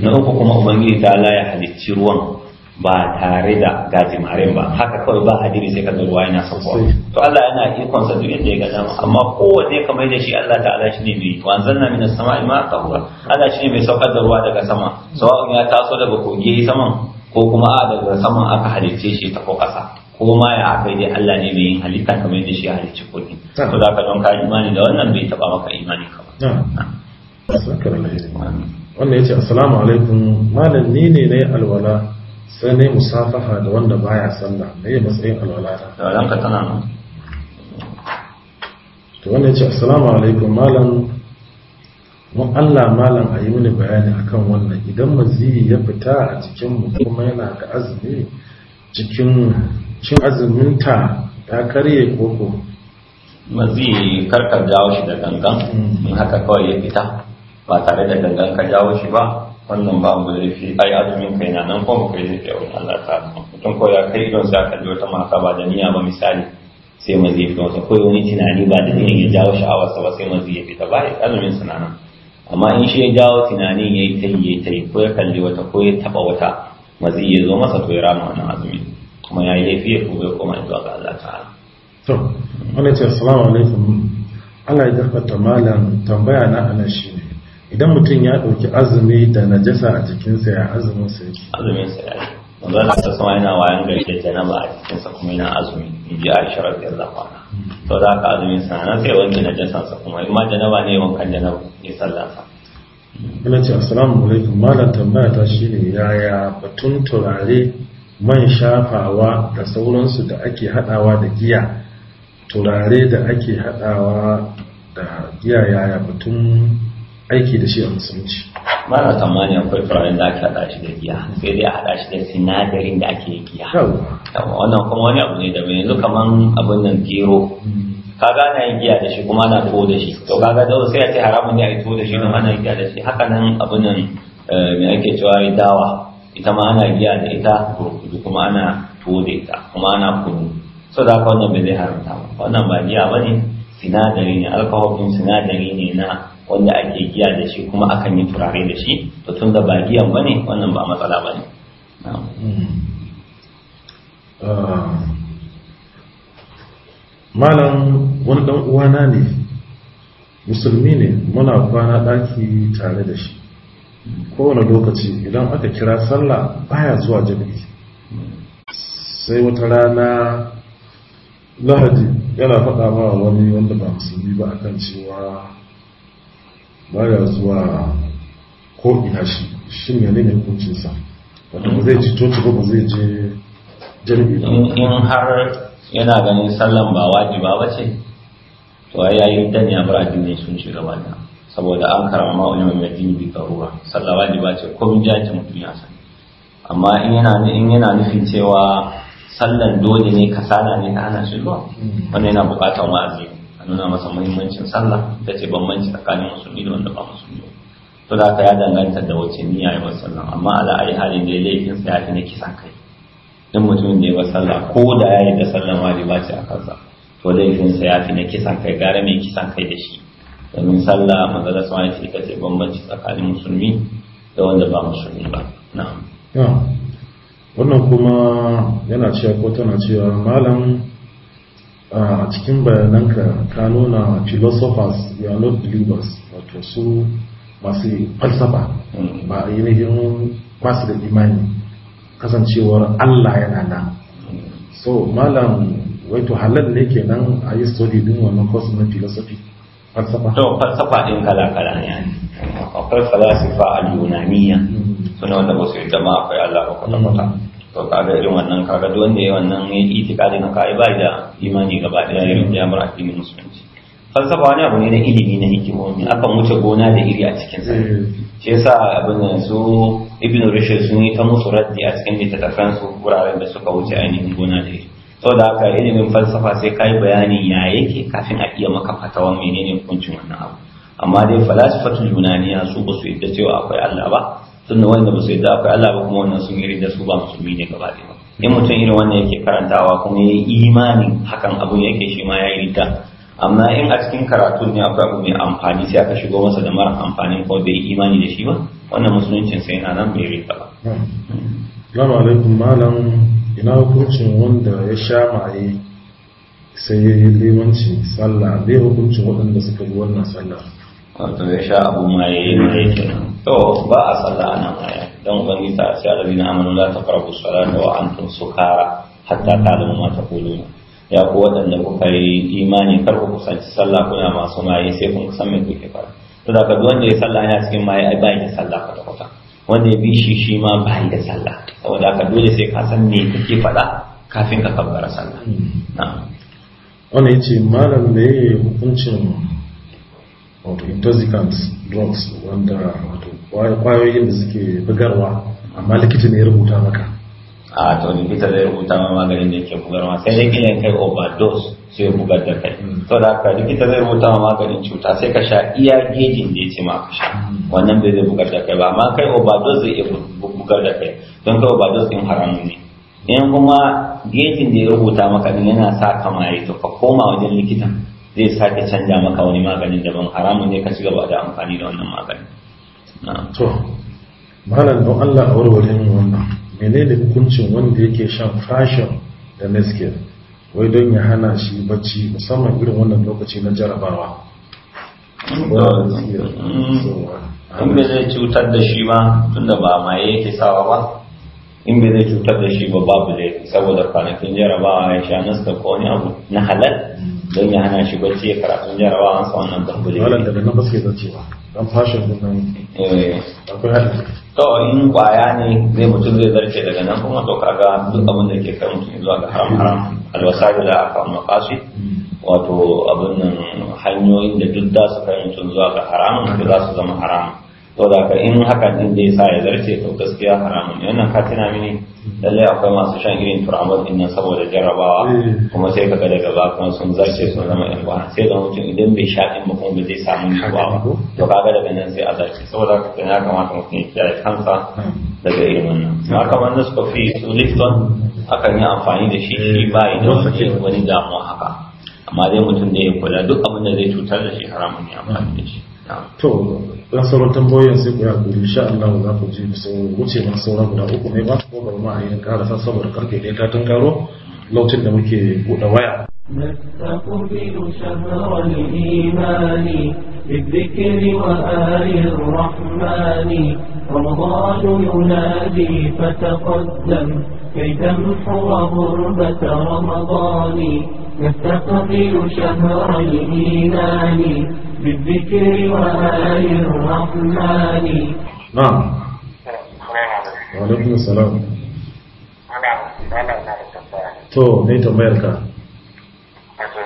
na uku kuma ubangiji ta Allah ya halicci ruwan ba tare da gajimaren ba haka kawai ba hadiri sai kaga ruwa yana saukowa to Allah yana ikon sa duk inda ya ga dama amma kowace kamar da shi Allah ta'ala ne mai wanzanna min as-sama'i ma tahura Allah ne mai saukar da ruwa daga sama sawa'un ya taso daga kogi saman ko kuma a daga saman aka halicce shi ta ko kasa ko ma ya akai dai Allah ne mai yin halitta kamar da shi ya halicci kogi to zaka don ka imani da wannan bai taba maka imani ka ba wannan ce assalamu alaikum malam ni ne yi alwala sai yi musafaha da wanda baya na yi matsayin alwala ta alwala ka tana nan to ya ce assalamu alaikum malam mu Allah malam a yi mini bayani akan wannan idan maziyi ya fita a cikinmu kuma yana da azumi cikin cin azuminta ta karye koko maziyi karkar jawo shi da gangan mm. in haka kawai ya fita ba tare da gangan ka jawo shi ba wannan ba mu laifi ai azumin kai na nan ko mu kai zai a wani Allah ta mutum ko ya kai don sa kalli wata mata ba da niyya ba misali sai mu zai fito ta koyo wani tunani ba da niyya ya jawo sha'awarsa ba sai mu zai fita ba azumin sa nan amma in shi ya jawo tunani ya yi tayi ya tayi ko ya kalli wata ko ya taba wata mazi ya zo masa to ya rana wannan azumin kuma ya yi laifi ya kuma ya koma zuwa ga Allah ta'ala to wannan ce assalamu alaikum Allah ya darkata malam tambaya na ana shi idan mutum ya ɗauki azumi da najasa a jikinsa ya azumin sa yake azumin sa yake wanda na ta sama yana wayan gari da janaba a jikinsa kuma yana azumi in ji a sharar da zafa to da ka azumin sa na sai na jasa sa kuma in ma janaba ne wankan janaba ya sallafa ina ce assalamu alaikum malam tambaya ta shine yaya batun turare man shafawa da sauransu da ake hadawa da giya turare da ake hadawa da giya yaya batun aiki da shi a musulunci mara tsammani akwai firayin da ake haɗa shi da giya sai dai a haɗa shi da sinadarin da ake yi giya wannan kuma wani abu ne da mai yanzu kaman abin nan gero hmm. Ka ana yin giya da shi kuma ana tuwo da shi to kaga dole sai a ce haramun ne a yi tuwo da shi kuma ana giya da shi haka nan abin nan eh, mai ake cewa dawa ita ma ana giya da ita kuma ana tuwo da ita kuma ana kunu so da haka wannan bai zai haramta ba wannan ba giya ba ne sinadari ne alkohol sinadari ne na wanda ake giya da shi kuma akan yi turare da shi to tun da ba giyan ba ne wannan ba matsala ba ne ah, malam wani dan uwana ne musulmi ne muna kwana daki tare da shi kowane lokaci idan aka kira sallah baya zuwa jami'i sai wata rana lahadi yana faɗa wa wani wanda ba musulmi ba akan cewa ba ya zuwa ko ina shi shi ne ne hukuncinsa wata ba zai ji coci ba zai je jami'i in har yana ganin sallan ba wajiba ba ce to ya yi dan ya bar ne sun shiga ta. saboda an karama wani mai addini bi karura sallan wajiba ce ko mun jaji mutum ya san amma in yana in yana nufin cewa sallan dole ne kasala ne ta hana shi ba hmm. wannan yana bukatar wa'azi nuna masa muhimmancin sallah ita ce bambanci tsakanin musulmi da wanda ba musulmi to da ka ya danganta da wace niyya ya sallah amma ala ayi halin da laifin sa ya fi na kisa kai dan mutumin da ya sallah ko da ya yi da sallah ma ba ce a kansa to laifin sa ya fi na kisa kai gara mai kisa kai da shi domin sallah magana sa wani ce ita ce bambanci tsakanin musulmi da wanda ba musulmi ba na'am wannan kuma yana cewa ko tana cewa malam a cikin bayananka ka nuna philosophers you are not believers wato su masu falsafa ba a nufin masu da imani kasancewar Allah yana nan so malam wato halal ne kenan a yi study din wannan course na philosophy falsafa to falsafa din kala kala ne akwai falsafa al-yunaniya mm. suna wanda ba su yi jama'a akwai Allah ba kwata kwata mm. to kaga irin wannan kaga duk wanda ya wannan ya itikadi na kai bai da imani gaba daya ya bar addinin musulunci falsafa wani abu ne na ilimi na ne akan wuce gona da iri a cikin sa shi yasa abin da su ibn rushd sun yi ta musu raddi a cikin littattafan su wuraren da suka wuce ainihin gona da iri sau da haka ilimin falsafa sai kai bayani ya yake kafin a iya maka fatawa menene hukuncin wannan abu amma dai falasifatul yunaniya su ba su yadda cewa akwai Allah ba da wanda ba su yadda akwai Allah ba kuma wannan sun yi da su ba musulmi ne gaba ɗaya in mutum irin wannan yake karantawa kuma ya yi imanin hakan abun yake shi ma ya yi rita. amma in a cikin karatu ne akwai abu mai amfani sai aka shigo masa da mara amfani ko bai yi imani da shi ba wannan musuluncin sai na nan bai rita ba. Salamu alaikum malam ina hukuncin wanda ya sha maye sai ya yi limanci sallah bai hukuncin waɗanda suka yi wannan sallah. Wato ya sha abu maye ne kenan. to ba a salla a nan aya don ubangi ta ce alabi na amanu la ta karbu salata wa antum sukara hatta ta'lamu ma kulu ya ku waɗanda kuka yi imani kar ku kusanci sallah kuna masu maye sai kun san me kuke fara to da duk wanda ya sallah yana cikin maye ai ba ya sallah kwata kwata wanda ya bi shi shi ma ba ya sallah saboda haka dole sai ka san me kake faɗa kafin ka kabbara sallah hmm. na'am wannan yace malam yake hukuncin wato intoxicants drugs wanda wato kwayoyin da suke bugarwa amma likita ne ya rubuta maka a to likita ne ya rubuta maka maganin da yake bugarwa sai dai kin kai overdose sai ya bugar da kai hmm. to da haka likita zai rubuta maka maganin cuta sai ka sha iya gejin da yake maka sha hmm. wannan bai zai bugar da kai ba amma kai overdose zai iya bugar da kai don kai overdose din haram ne in kuma gejin da ya rubuta maka din yana sa mai to ka koma wajen likitan zai sake canja maka wani maganin daban haramun ne ka ci gaba da amfani da wannan maganin to malam don Allah a warware min wannan menene hukuncin wanda yake shan fashion da Nescafe wai don ya hana shi bacci musamman irin wannan lokaci na jarabawa wanda zai cutar da shi ma tunda ba maye yake sawa ba in bai zai cutar da shi ba babu laifi saboda kwanakin jarabawa ya sha nasta ko wani abu na halal don ya hana shi bacci ya karatun jarabawa an sa wannan babu laifi. Malam da nan ba sai bacci ba. Dan fashin din nan. Eh. Akwai hadin. To in kwaya ne zai mutum zai zarce daga nan kuma to kaga duk abin da ke kai mutum zuwa ga haram haram alwasabi da aka maqasi wato abin nan hanyoyin da duk da su kai mutum zuwa ga haram da za su zama haram. to da ka in haka din da sa ya zarce to gaskiya haramun ne wannan ka tuna mini lalle akwai masu shan irin turamar din nan saboda jarrabawa eh. kuma sai kaga daga ba kuma sun zarce sun zama yan ba sai da mutum idan bai sha din mutum ba zai samu nutsuwa ba to kaga daga nan sai a zarce saboda haka ya kamata mutum ya kiyaye kansa daga irin wannan kamar na suka fi su lifton akan yi amfani da shi shi yi da eh. wani damuwa haka amma dai mutum da ya kula duk abin da zai cutar da shi haramun ya amfani da shi to na sauran tambayoyin sai ku yaƙuri insha Allah za ku ji sun wuce na sauran guda uku ne ba ko bari ma a yi saboda karfe ne ta tun karo lokacin da muke buɗe waya بالذكر وآل الرحمن رمضان ينادي فتقدم كي تمحو غربة رمضان نستقبل شهر الإيمان بالذكر وآل الرحمن نعم وعليكم السلام to ne tambayar ka wato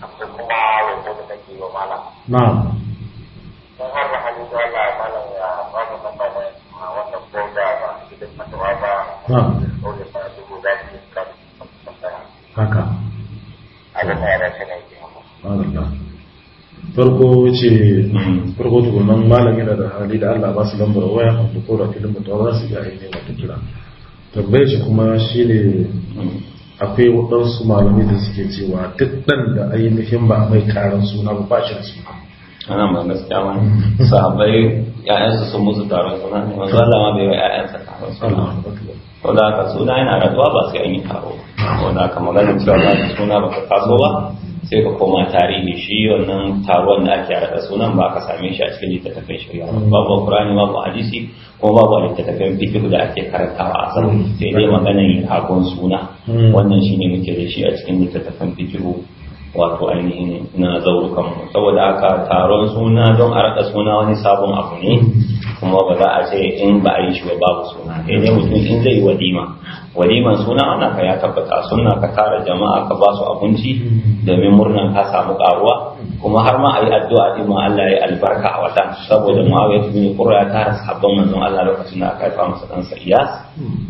haka su na da haka farko ce mm, farko tukunan malami da hali da Allah ba su lambar waya da koda filin mutuwa ba su iya aiki wata kira tambayar shi kuma shi ne mm, akwai waɗansu malami da suke cewa duk ɗan da ainihin ba mai taron suna ba shi da suna ana ma gaskiya ba sahabbai ƴaƴansu sun musu taron suna ne wasu allama bai wa ƴaƴansa taron suna ko da haka suna yana rasuwa ba sai an yi taro ko da haka maganar cewa ba suna ba ka taso ba sai ka koma tarihi shi wannan taruwan da ake raɗa sunan ba ka same shi a cikin littattafan shari'a babu qur'ani babu hadisi ko babu littattafan fiqh da ake karantawa a sabu sai dai yin hakon suna hmm. wannan shine muke da shi a cikin littattafan fiqh wato ainihin na zaurukanmu saboda aka taron suna don a raka suna wani sabon abu ne kuma ba za a ce in ba a yi shi ba babu suna sai dai mutum in zai yi walima waliman suna ana ka ya tabbata suna ka tara jama'a ka ba su abinci domin murnan ka samu karuwa kuma har ma ayi addu'a din ma Allah ya albarka a watan saboda Muawiya ibn Qurra ya tara sahabban manzon Allah lokacin da aka haifa masa dan sa Iyas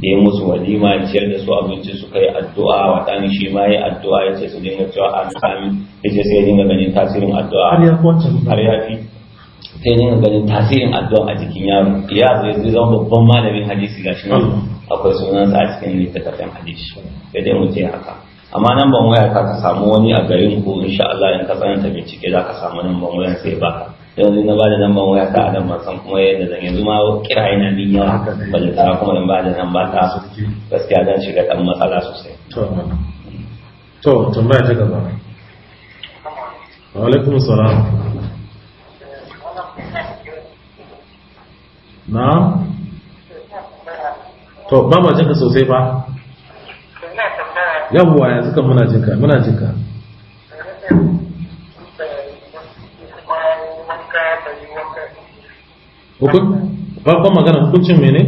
ya musu walima ya ciyar da su abinci suka yi addu'a dan shi ma ya addu'a ya ce su dinga cewa amin yace sai dinga ganin tasirin addu'a har ya fi sai ne ganin tasirin addu'a a cikin yaro ya zai zama babban malamin hadisi gashi nan akwai sunansa a cikin littattafan hadisi sai dai mu haka amma nan ban waya ka ka samu wani a garin ku insha Allah in ka tsananta bincike za ka samu nan ban waya sai baka yanzu na bada nan ban waya ta adam ban san kuma yadda zan yanzu ma kira ina min yawa da tara kuma in bada nan ba ta gaskiya zan shiga dan matsala sosai to to tambaya ta gaba wa alaikum na to ba ma jinka sosai ba yawwa ya zuka muna jinka muna jinka hukun farkon magana hukuncin mene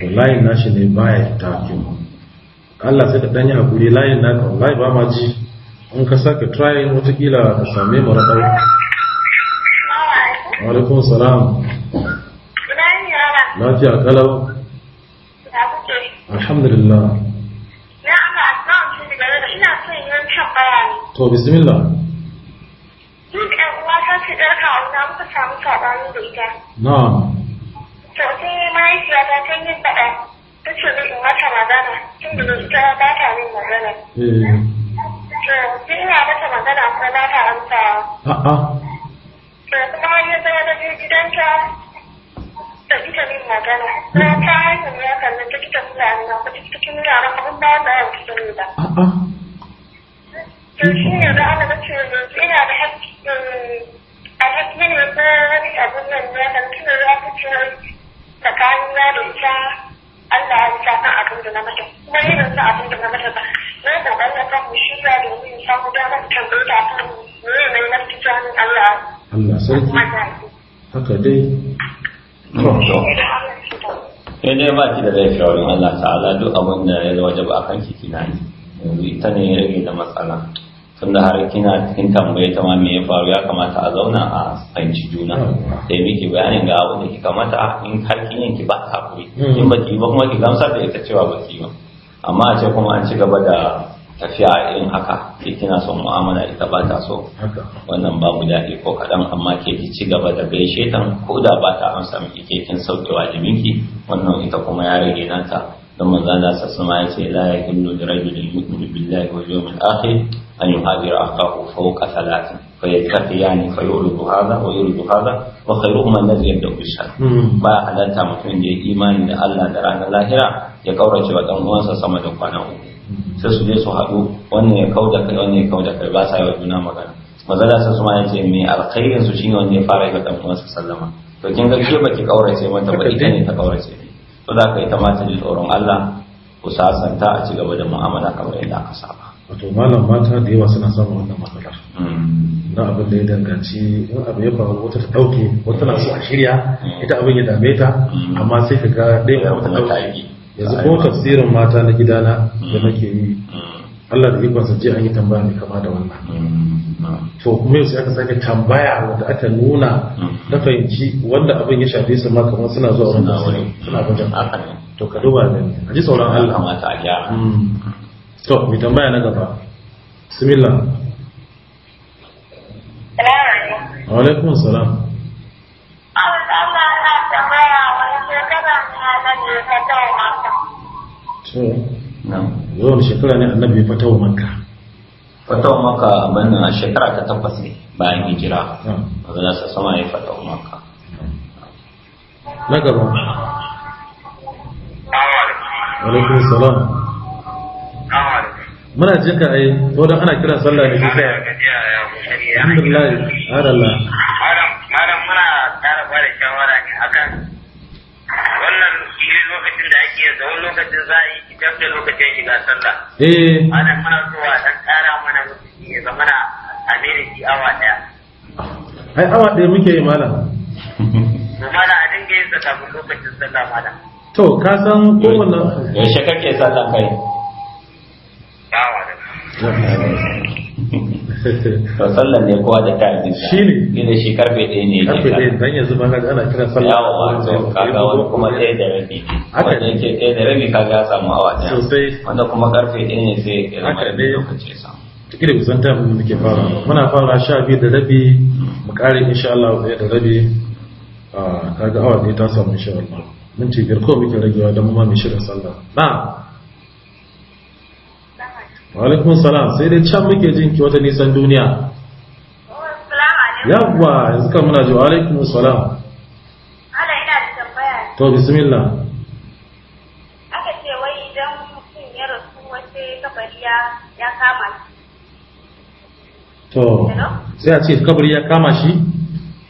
da layin nashi ne baya tafiyo Allah sai da danyi hakuri layin naka wallahi ba ma ji in ka sake trying watakila ka same mara ɗau alaikun salam lafiya kalau alhamdulillah to bismillah duk uwa ta ce muka samu ita eh. na to mahaifiyata ta yi faɗa ce magana tun da ita ba ta yin magana To, ina mata magana ko ba ta amsa. A'a. To, kuma ya zama da gidanta da ita magana. hanyar cikin abin da ne da ana da da a cikin yanzu wani nan tsakanin na da ita Allah abin da na mata. abin da na mata ba. Na ya kan zuwa domin samu damar tambaye ta kan me ne mafitan Allah. Allah sarki. Haka dai. Eh, dai ba ki da laifi a Allah ta'ala duk abin da ya waje ba a kan ki kina yi. Yanzu ita ne ya rage da matsala. da har kina cikin tambaye ta ma me ya faru ya kamata a zauna a fahimci juna. Sai miki bayanin ga abin da ki kamata in har kin yanki ba ta hakuri. Hmm. In ba ki ba kuma ki gamsar da ita cewa ba ki ba. Amma a ce kuma an ci gaba da tafiya irin haka ke kina son mu'amala ita ba ta so wannan babu daɗi ko kaɗan amma ke ki ci gaba da gaishe ta ko da ba ta amsa miki ke kin sauke wajibinki wannan ita kuma ya rage nata don manzo Allah sassama ya ce la yahillu li rajulin yu'minu billahi wal yawmil akhir an yuhajira akahu fawqa thalathin فيتقيان فيعرض هذا ويعرض هذا وخيرهما الذي يبدا بالشر ba halarta mutum da ya imani da Allah da ranar lahira ya kaurace wa dan uwansa sama da kwana uku sai su je su haɗu wannan ya kauda kai wannan ya kauda kai ba sa yi wa juna magana mazala sai su ma yace me alkhairin su shine wanda ya fara yi wa dan uwansa sallama to kin ga ke baki kaurace mata ba ita ne ta kaurace to za ka ita ma ta ji tsoron Allah ku sasanta a cigaba da mu'amala kamar yadda aka saba wato malam mata da yawa suna samun wannan matsalar hmm. na abin da ya danganci in abu ya faru wata ta dauke wata na so a shirya hmm. ita abin ya dame ta hmm. amma sai ka ga dai wata dauke yanzu ko tafsirin mata na gidana da nake yi Allah da ikonsa je an yi tambaya mai kama da wannan to kuma yau sai aka sake tambaya wanda aka nuna na fahimci wanda abin ya shafe su ma kamar suna zuwa wani wani suna wajen to ka duba da a ji sauran Allah mata a gyara mm. to mai tambaya na gaba bismillah wa alaikum salam zuwan shekara ne annabi makka makka abin a shekara ta takwas ne bayan hijira daga nasa sama ya fatawa makka na gaba alaikun salam muna jinka ai don ana kira sallah ne kusa alhamdulillah adallah lokacin za a yi idan da lokacin shiga sallah. Eh. Ana muna zuwa dan ƙara mana mutunci ya zama na aminiti awa ɗaya. Ai awa ɗaya muke yi malam. Na mana a dinga yin zaka mun lokacin sallah malam. To ka san kowanne. Yaushe kake sallah kai? Awa ɗaya. to sallan ne kowa da ta yi shi ne ne shi karfe ɗaya ne karfe ɗaya dan yanzu ma kaga ana kira sallan yawo ma to kaga wani kuma ɗaya da rabi ne yake ɗaya da rabi kaga ya samu awa ɗaya sosai wanda kuma karfe ɗaya ne sai ya zama lokaci ya samu kira kusan ta mun muke fara muna fara sha biyu da rabi mu kare insha Allah ɗaya da rabi ah, kaga awa ɗaya ta samu insha Allah mun ce biyar ko muke ragewa don mu ma mu shirin sallah na'am Walaikun salam sai dai can muke jin ki wata nisan duniya. Yawwa yanzu kan muna ji walaikun salam. Ala ina da tambaya. To bismillah. Aka ce wai idan mutum ya rasu wace kabari ya kama shi. To sai a ce kabari ya kama shi?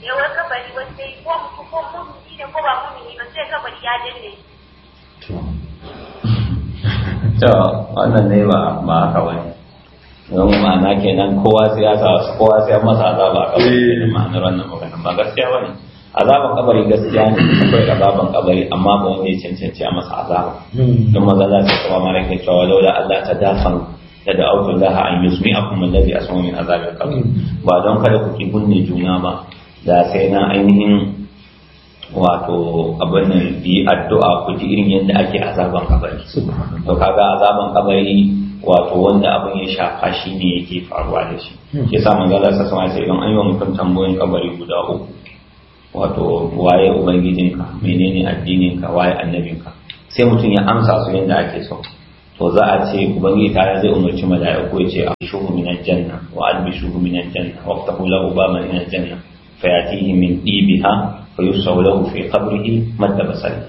Yawar kabari wace ko mutu ko mutu ne ko ba mutum ne ba sai kabari ya danne to wannan ne ba ba haka bane don ma'ana kenan kowa sai ya sa kowa sai masa azaba a kabari eh. ma'anar wannan magana ba gaskiya bane azaban kabari gaskiya ne akwai azaban kabari amma ba wani cancanci a masa azaba hmm. don maza za kuma mara ke cewa laula Allah ta dafa da da auto ha an yusmi kuma allazi a min azabin kabari hmm. ba don kada ku ki bunne juna ba da sai na ainihin wato abin nan yi addu'a ku ji irin yadda ake azaban kabari to kaga azaban kabari wato wanda abin ya shafa shi ne yake faruwa da shi ke sa manzala sa sama sai idan an yi wa mutum tambayoyin kabari guda uku wato waye ubangijinka menene addininka waye annabinka sai mutum ya amsa su yadda ake so to za a ce ubangiji ta zai umarci mala'iku ya ce a shuhu minan janna. wa albishuhu janna. aljanna waftahu lahu baban min janna fayatihi min dibiha fa yusau lahu fi qabrihi madda basari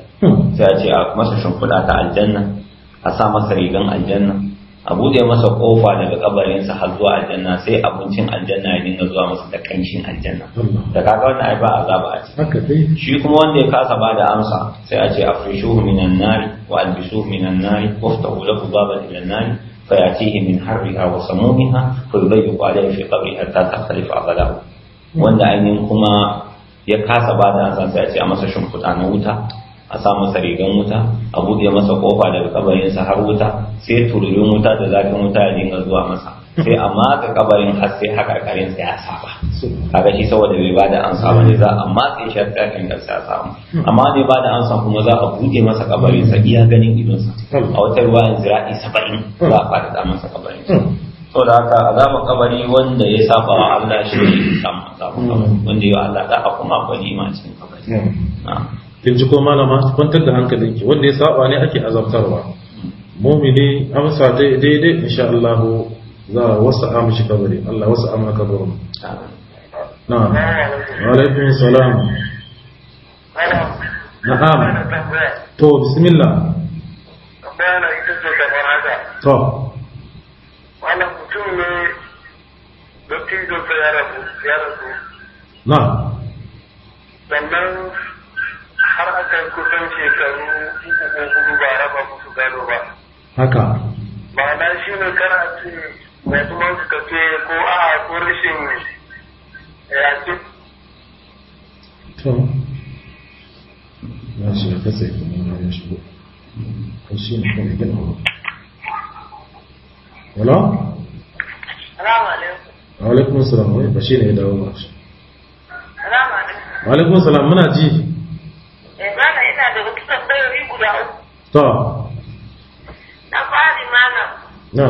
sai a ce a masa shimfiɗa ta aljanna a sa masa rigar aljanna a buɗe masa kofa daga kabarinsa har zuwa aljanna sai abincin aljanna ya dinga zuwa masa da kanshin aljanna da kaga wannan ai ba azaba a ciki shi kuma wanda ya kasa ba da amsa sai a ce afrishuhu minan nari wa albisuhu minan nari waftahu lahu baban ilan nari فيأتيه من حرها وسمومها فيضيق عليه في قبره حتى تختلف أغلاه wanda ainihin kuma ya kasa ba da ansa sai a ce a masa shimfiɗa na wuta a sa masa rigan wuta a buɗe masa kofa daga kabarinsa har wuta sai tururin wuta da zafin wuta ya dinga zuwa masa sai a matsa kabarin har sai sai ya saba kaga shi saboda bai ba da ansa ba ne za a matse shi da sai a samu amma bai bada da ansa kuma za a buɗe masa kabarinsa iya ganin idonsa a wata ruwa zira'i saba'in za a da masa kabarinsa saboda haka azabar kabari wanda ya saba wa Allah shi ne samu azabar kabari hmm. wanda ya Allah da kuma akwai ma cikin kabari kin hmm. ji ko malama kwantar da hankalinki wanda ya saba ne ake azabtarwa mumini amsa daidai insha Allah za a wasu mishi kabari Allah wasa amma kabarin na'am wa alaikum salam na'am to bismillah to mutum ne dattijonsa ya rasu ya na sannan har aka kusan shekaru uku ko hudu ba raba musu gado ba haka shi ne ce ko a ko rashin ya eh, ce to shi ka kuma ya ko shi ne kuma ya gina wala alaikum salam wai ba shine ya dawo ma shi alaikum salam muna ji eh mana ina da wasu tambayoyi guda uku to na fari mana na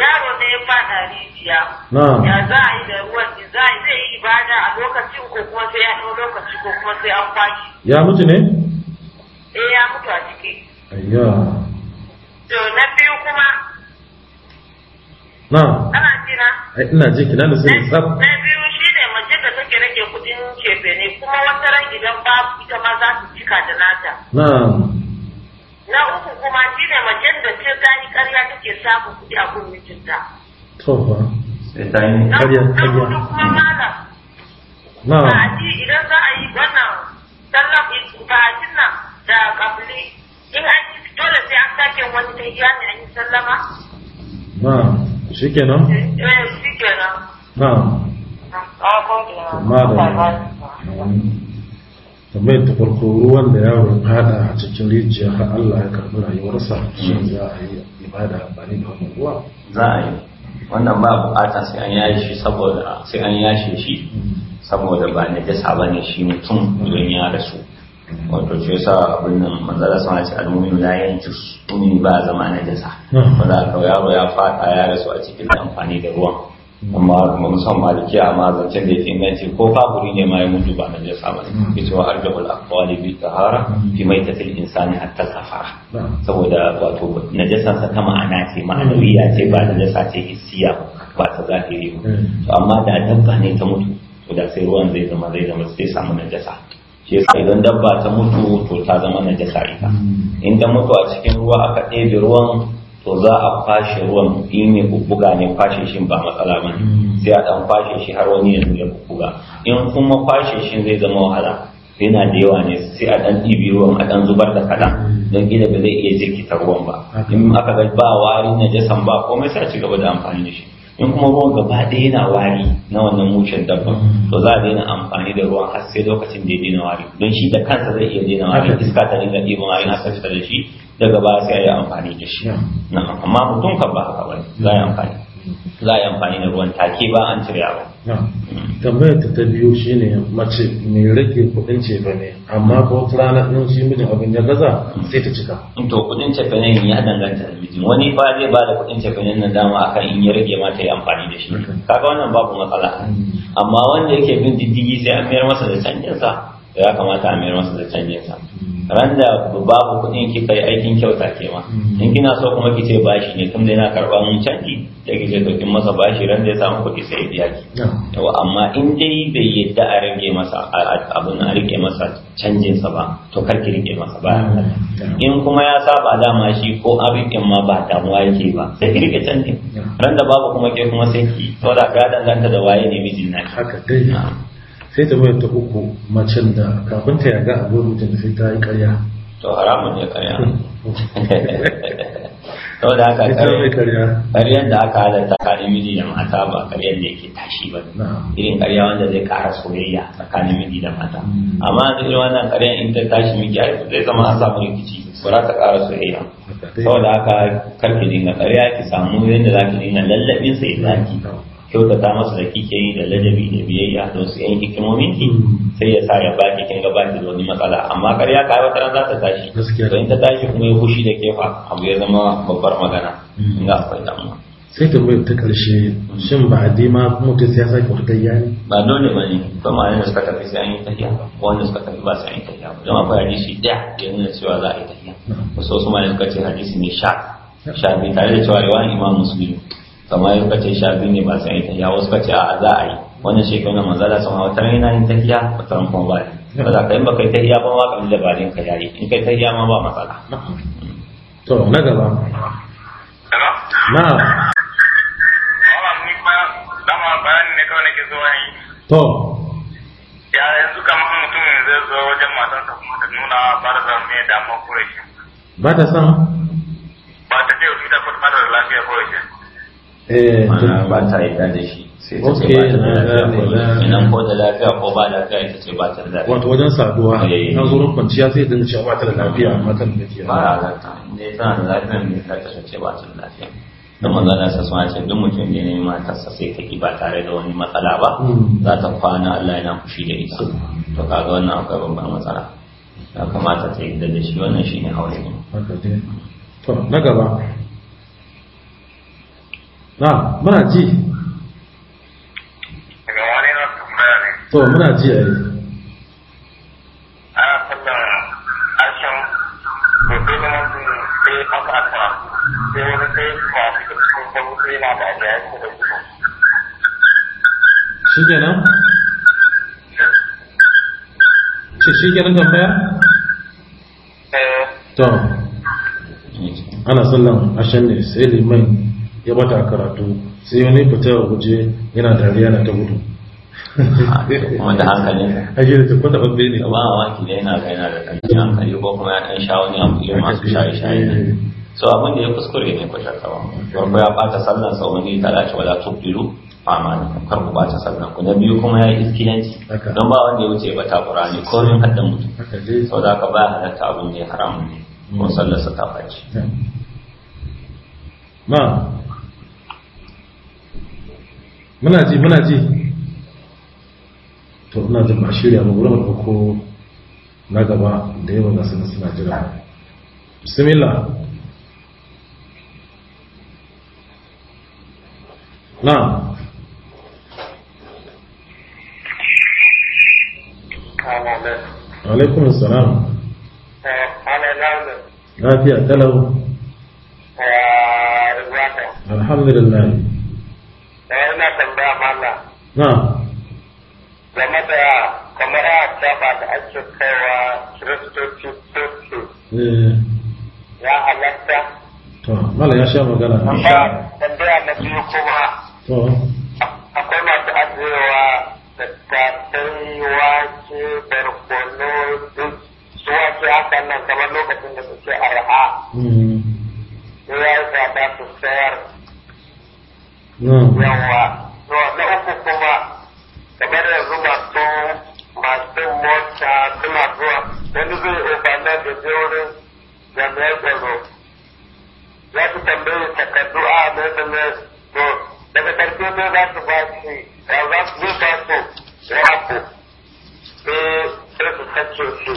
yaro ne ya fada rijiya na ya za a yi da ruwan da za a yi zai yi ibada a lokaci ko kuma sai ya ɗau lokaci ko kuma sai an fashi ya mutu ne eh ya mutu a ciki ayya to na biyu kuma na jina? Ai eh, ina ji kina da sai sab. Na biyu shi ne mace da take rage kudin kefe ne kuma wata ran idan ba ita ma za su cika da nata. Na uku kuma shi ne mace da ce ta yi karya take samu kudi a gurin mijinta. To ba. Sai ta yi karya karya. Na kuma malam. Na. Ba a ji idan za a yi wannan sallan ba a ji nan da kafili in an dole sai an sake wani ta iya ne an yi sallama. Na. shikenan eh shikenan ta farko ruwan da yaro fada a cikin rijiya har Allah ya karbi rayuwarsa shi za a yi ibada amfani da wannan ruwa za a yi wannan ba bukata sai an saboda sai an yashe shi saboda ba da bane shi mutum idan ya rasu wato ce sa abin nan manzara sama ce al'uminu la yanjus umini ba zama na jasa hmm. wanda aka yaro ya fada ya rasu a cikin amfani da ruwan amma kuma musan maliki a mazancin da yake inganci ko kafuri ne ma ya mutu ba na jasa ba ne ita hmm. wa arjabul aqwali bi tahara hmm. fi tafil insani hatta safara saboda wato najasa sa ta ma'ana ce ma'anawiya ce ba jasa ce hissiya ba ta zahiri ba amma da dabba ne ta mutu da sai ruwan zai zama zai zama sai samu najasa shi yasa idan dabba ta mutu to ta zama najasa ita in ta mutu a cikin ruwa aka ɗebe ruwan to za a kwashe ruwan in ne bubbuga ne kwashe shi ba matsala ba hmm. sai a dan kwashe shi har wani yanzu ya bubbuga in kuma kwashe shi zai zama wahala yana da yawa ne sai a dan ɗibi ruwan a dan zubar da kaɗan hmm. don gida ba zai iya jirkita ruwan ba in aka ga ba wari na jasan ba komai sai a ci gaba da amfani da shi in kuma ruwan gaba ɗaya yana wari na wannan mushen dabba to za a daina amfani da ruwan har sai lokacin da ya daina wari don shi da kansa zai iya daina wari iska ta dinga ɗiban wari na fita da shi daga baya sai a yi amfani da shi amma mutum kan ba haka ba za a yi amfani za a yi amfani da ruwan take ba an cire abu tambayar ta ta biyu shine mace mai rage kudin cefa amma ko wata rana ɗin shi mijin abin ya gaza sai ta cika to kudin cefa ne ya danganta da mijin wani ba zai ba da kudin cefa na dama akan in ya rage ma ta yi amfani da shi kaga wannan babu matsala hmm. amma wanda yake bin diddigi sai an mayar masa da canjinsa ya kamata a mayar masa da canjin sa babu kuɗin ki kai aikin kyauta ke ma in kina so kuma ki ce bashi ne tun da yana mun canji da ki ce to masa bashi randa ya samu kuɗi sai ya biya ki Yau amma in dai bai yadda a rage masa abun a rike masa canjin sa ba to kar ki rike masa ba in kuma ya saba dama shi ko abikin ma ba damuwa yake ba sai ki rike canjin Randa babu kuma ke kuma sai ki saboda ka danganta da waye ne mijin na haka sai ta bayar ta uku macen da kafin ta yaga a gurin mutum sai ta yi karya to haramun ne karya to da aka karya karyan da aka halatta tsakanin miji da mata ba karyar da yake tashi ba irin karya wanda zai kara soyayya tsakanin miji da mata hmm. amma a cikin wannan karyar in ta tashi miji a zai zama a samu rikici ba za ta kara soyayya saboda haka karfi dinga karya ki samu yadda za ki dinga lallabin sai zaki kyautata masa da kike yi da ladabi da biyayya da wasu yan hikimomin ki sai ya sa ya baki ki kin ga da wani matsala amma karya ka wata ran za ta tashi to in ta tashi kuma ya fushi da kefa abu ya zama babbar magana mm. in ga akwai damuwa sai ta bai ta karshe shin ba a ma mutum ya sake wata tayya ne ba dole ba ne ba ma yana suka tafi sai an yi tafiya tayya wanda suka tafi ba sai an yi tafiya ba don akwai hadisi ɗaya da nuna cewa za a yi tayya mm. wasu wasu ma suka ce hadisi ne sha sha biyu tare da cewa yawan imam musulmi samari suka ce sha biyu ne ba sai ita ya wasu suka a za a yi wannan shi kuma manzala sun sama tarin yana yin tahiya wata ran kuma ba ne ba za ka yi ba kai tahiya ba ma kamar dabarun ka yayi in kai tahiya ma ba matsala. to na gaba. na. ne zuwa to. ya yanzu kamar mutum zai zo wajen matansa kuma ta nuna ba da zama mai damar kure ba ta san. ba ta ce ita kuma ta da lafiya kure Eh, mana ba ta yarda da shi sai ta ce ba wato wajen saduwa eh, eh. na zurin kwanciya sai dinga cewa ba ta da lafiya Amma ta da lafiya ba a zata tana da lafiya ne ta ce ba ta da lafiya da manzana sa suna ce duk mutum ne ne matarsa sai ta ki ba tare da wani matsala ba hmm. za ta kwana Allah yana fushi da ita to kaga wannan akwai babbar matsala ya kamata ta yi da shi wannan shine aure ne na gaba na muna ji daga wani na tambaya ne to muna ji eh. a yi ana fata ashen gobe na masu sai aka aka sai wani sai ba su da cikin kwallo sai na da ya da su shi kenan shi shi kenan tambaya eh. to ana sallan ashen ne sai limai ya bata karatu sai wani fitar guje yana dariya na ta gudu kuma da a ake da kwata babbe ne ba waki da yana gaina da kanji hankali ko kuma ya ɗan sha wani abu ya masu shaye shaye ne so abin da ya kuskure ne ko shakka ba wanda ya bata sallan sa wani ta dace wala tubiru amana kar ku bata sallan ku na biyu kuma ya yi iskilanci don ba wanda ya wuce ba ta qur'ani ko min haddan mutum za ka baya halatta abin da ya haramun ne ko hmm. sallar sa ta faci ma من هذه من هذه تقولنا ده معشير يا مغلوب الحكومة نعبا ده ولا سنة سنة جرا بسم الله نعم عليكم السلام على نعم لا في أتلو الحمد لله tambaya mala game da kamar a taba da ake kaiwa kiristoci sosu eh. ya halatta to mala ya sha magana amma tambaya na biyu kuma akwai masu ajiyewa da tafai wake barkono duk su wake haka nan kamar lokacin da suke arha mm. ya yi tsada su sayar yawa to na uku kuma kamar yanzu masu masu mota suna zuwa wani zai obana da jeurin jami'ai tsaro za su tambaye takardu ah, a mai to daga karfe ne za su ba shi za su yi ba su ya haku eh, sai su sace shi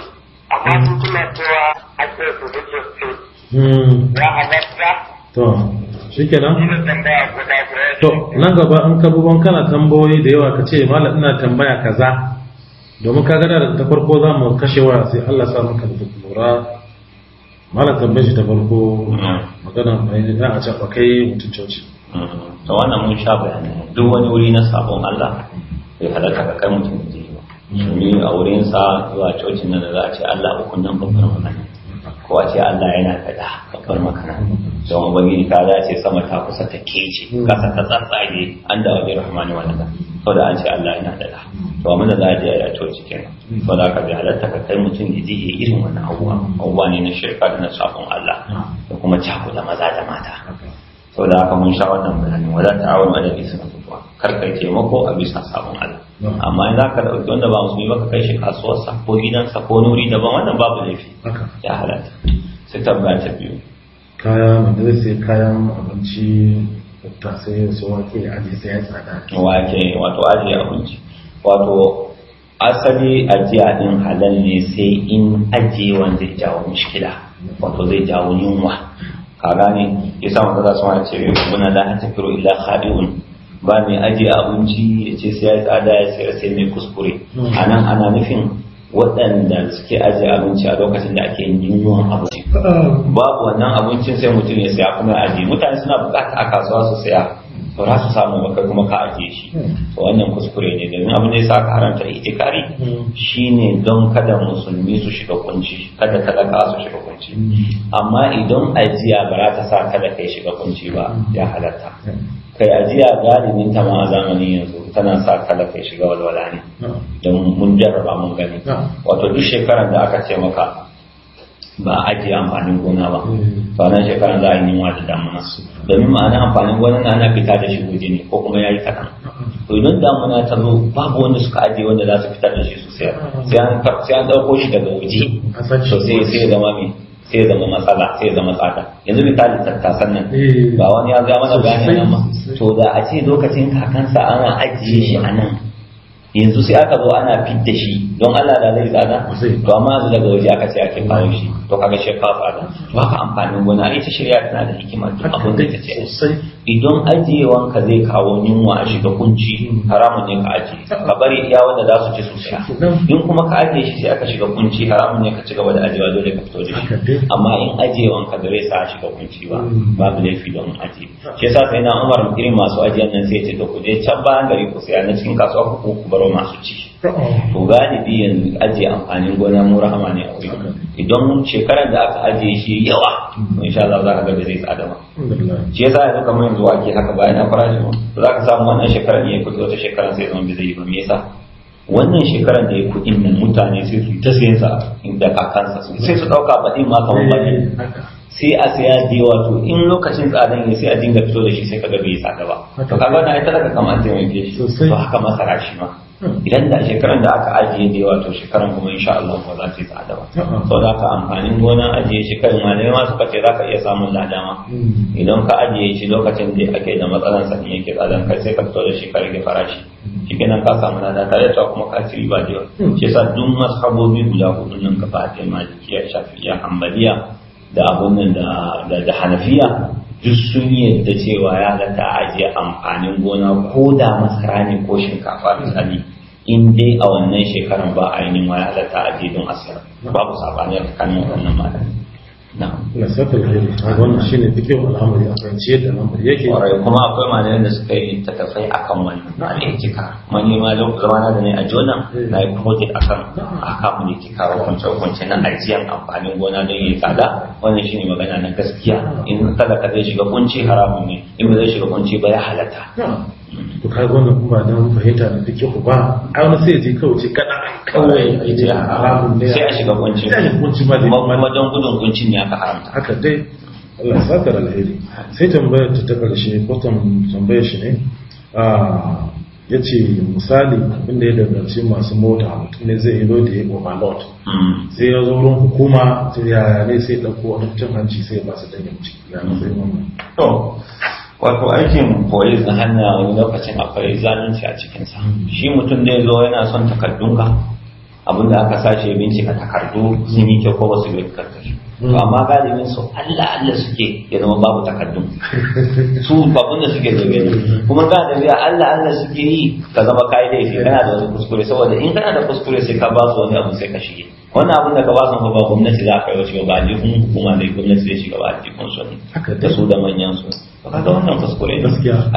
amma su suna cewa a ce su rike shi hmm. ya halatta shikenan to nan gaba an ka buban kana tambayoyi da yawa ka ce malam ina tambaya kaza domin ka da ta farko za mu kashe sai Allah sa maka da lura malam tambaye shi ta farko mm-hmm. magana mai da a cewa kai mutum coci mm-hmm. ta wannan mun sha bayanai duk wani wuri na sabon Allah bai halatta ka kai mutum da ba mm-hmm. domin a wurinsa zuwa cocin nan da za a ce Allah ukun nan babbar magana Kowa ce Allah yana faɗa babbar makana don ubangiji ta dace sama ta kusa ta kece kasa ta tsatsaye an da wani rahmani walada da an ce Allah yana da to amma da za a je a yato cikin to da ka bi halatta ka kai mutum ya je irin wannan abubuwa abubuwa ne na shirka da na safin Allah da kuma cakuda maza da mata to da haka mun sha wannan bayanin wala ta'awun ala kar kai taimako a bisa sabon Allah amma in zaka dauki wanda ba musulmi ba ka kai shi kasuwarsa ko gidansa ko nuri daban wannan babu laifi ya halatta sai tabba ta biyu kaya wanda sai kayan abinci ta sai su wake aje sai ya tsada wake wato aje abinci wato asali ajiya din halal ne sai in ajiyewan ya jawo mushkila wato zai jawo yunwa kaga ne yasa wanda za su wani ce muna la hatakiru illa khadi'un ba mai ajiye abinci ya ce sai ya tsada ya tsira sai mai kuskure a nan ana nufin waɗanda suke ajiye abinci a lokacin da ake yin yawan abinci babu wannan abincin sai mutum ya saya kuma aji mutane suna bukata a kasuwa su saya to za su samu maka kuma ka ajiye shi to wannan kuskure ne domin abin da ya sa ka haramta itikari shine don kada musulmi su shiga kunci kada talaka su shiga kunci amma idan ajiya ba za ta sa kada kai shiga kunci ba ya halatta kai ajiya galibin ta ma a zamanin yanzu tana sa kala kai shiga walwala ne don mun jarraba mun gani wato duk shekarar da aka ce maka ba a ajiye amfanin gona ba fanan shekarar da a yi yunwa da damuna domin ma'ana amfanin gona na ana fita da shi guji ne ko kuma ya yi kaɗan to idan damuna ta zo babu wanda suka ajiye wanda za su fitar da shi sosai sai an ɗauko shi daga waje to sai ya zama mai sai zama matsala sai zama tsada yanzu misali tattasan nan ba eh. wani ya zama na bayanin nan ma to da a ce lokacin kakansa ana ajiye shi a nan yanzu sai aka zo ana fidda shi don Allah da zai tsada to amma yanzu daga waje aka ce ake kawo shi to kaga shi ka tsada to haka amfanin gona ita shirya tana da hikima duk abin da ta ce idan ajiyewanka zai kawo yunwa a shiga kunci haramun ne ka ajiye ka bari iya wanda za su ci su saya in kuma ka ajiye shi sai aka shiga kunci haramun ne ka ci gaba da ajiyewa dole ka fito da shi amma in ajiyewanka wanka zai sa a shiga kunci ba hmm. babu laifi don ajiye shi yasa sai na umar irin masu ajiyan nan sai ya ce da ku je can bayan gari ku saya na cikin kasuwa ku bar baro masu ci to galibi yanzu ajiye amfanin gona mu rahama ne a wuri idan shekarar da aka ajiye shi yawa sha Allah za ka ga zai tsada ma shi yasa yanzu kamar yanzu ake haka bayan an fara to za ka samu wannan shekarar ne kudi wata shekarar sai zama bai zai yi ba me yasa wannan shekarar da ya kuɗin nan mutane sai su ta sayan sa da kakansa sai su ɗauka baɗin ma kamar baɗin eh, sai a saya da yawa to in lokacin tsadan ne sai a dinga fito da shi sai kaga bai tsada ba to kaga na ita daga kamar taimake shi to haka masara shi ma idan da shekaran da aka ajiye da yawa to shekaran kuma insha Allah ba za ta yi tsada ba sau da ka amfanin gona ajiye shi kai ma ne masu kace za ka iya samun lada ma idan ka ajiye shi lokacin da ake da matsalan sa ne yake tsadan kai sai ka fito da shi ka rage farashi kenan ka samu lada tare da kuma ka ci ba da yawa shi yasa duk mashabobi guda hudu nan ka ba ta malikiya shafi'iya hanbaliya da abun nan da hanafiya duk sun yadda cewa ya ga ta ajiye amfanin gona ko da masara ne ko shinkafa misali in dai a wannan shekarar ba ainihin ga ta ajiye don asara babu saɓanin tsakanin wannan malami na safar gari a wannan shi ne duk al'amari a kan ciyar da al'amari yake ƙwarai kuma akwai malayan da suka yi takafai a kan wannan al'ijika mani ma lokacin zama da ne a jona eh. na yi project a kan a kan al'ijika hukunce hukunce na ajiyan amfanin gona don yi tsada wannan shi ne magana na gaskiya in talaka zai shiga kunci haramun ne in ba zai shiga kunci ba ya halatta to ka gwamna kuma don fahimta da fiki ku ba a wani sai kawai ce kaɗa kawai a a haramun ne sai a shiga kunci sai ma kunci ne aka haramta haka dai Allah ya alheri sai tambayar ta ta karshe ko tambayar shi ne ya ce misali abinda ya danganci masu mota mutum ne zai yi lodi ya goma lot hmm. sai ya zo wurin hukuma sai ya yare sai ɗauko wani cin hanci sai ba su danganci ya matsayin wannan wato aikin police na hanya wani lokacin akwai zalunci a cikinsa shi mutum ne zo yana son takardunka abinda aka sace bincika takardu sun yi kyau ko ba su yi takardu to amma galibin su Allah Allah suke ya zama babu takardun su babun da suke zabe ne kuma ga da biya Allah Allah suke yi ka zama kai da yake kana da wani kuskure saboda in kana da kuskure sai ka ba su wani abu sai ka shige wannan abin da ka ba su ba gwamnati za ka yi ba a aljihun hukuma ne gwamnati zai shiga ba aljihun su da su da manyan su kaga wannan kuskure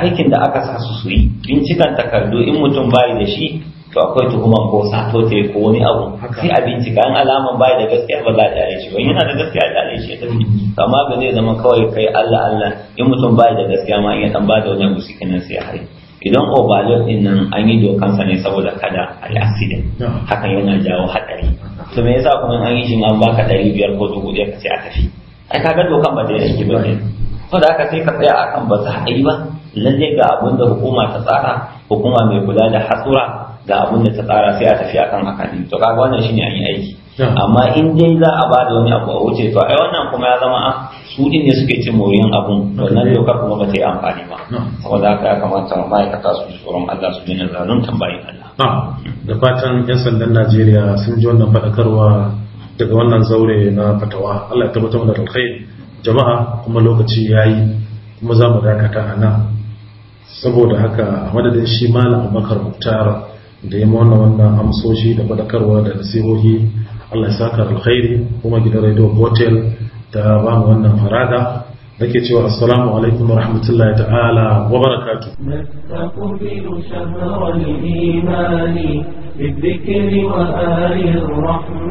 aikin da aka sa su su yi bincikan takardu in mutum bai da shi to akwai tuhuman ko sato ta ko wani abu sai a bincika an alaman bai da gaskiya ba za a kyale shi wani yana da gaskiya a kyale shi ya tafi mm-hmm. amma ba zai zama kawai kai Allah Allah in mutum bai da gaskiya ma in ya dan ba da wani abu shi kenan sai ya hari idan overload din nan an yi dokan sa ne saboda kada a yi accident hakan yana jawo haɗari to me yasa kuma an yi shi an baka ɗari biyar ko dubu ɗaya ka ce a tafi ai kaga dokan ba ta yi ba ne so da haka sai ka tsaya akan ba su yi ba lalle ga abun da hukuma ta tsara hukuma mai kula da hatsura ga abin da ta tsara sai a tafi akan haka to kaga wannan shine an yi aiki amma in dai za a ba da wani abu a wuce to ai wannan kuma ya zama a ah, su din ne suke cin moriyan abun wannan dokar kuma ba ta yi amfani ba saboda haka ya kamata ma'aikata su tsoron Allah su daina zalun tambayin Allah da fatan yan sandan Najeriya sun ji wannan faɗakarwa daga wannan zaure na fatawa Allah ya tabbatar da alkhairi jama'a kuma lokaci ya yi kuma za mu dakata a nan saboda haka a madadin shi malam makar muktar da ya mawana wannan amsoshi da faɗakarwa da nasihohi allah ya saka alkhairi kuma gidan radio hotel ta ba mu wannan farada ke cewa assalamu alaikum wa rahmatullahi ta'ala wa barakatu بالذكر وآل الرحمن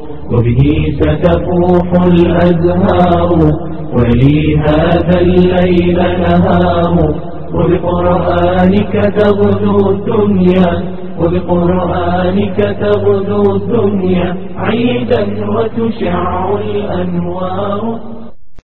وبه ستفوح الأزهار ولي هذا الليل نهار وبقرآنك تغدو الدنيا وبقرآنك تغدو الدنيا عيدا وتشع الأنوار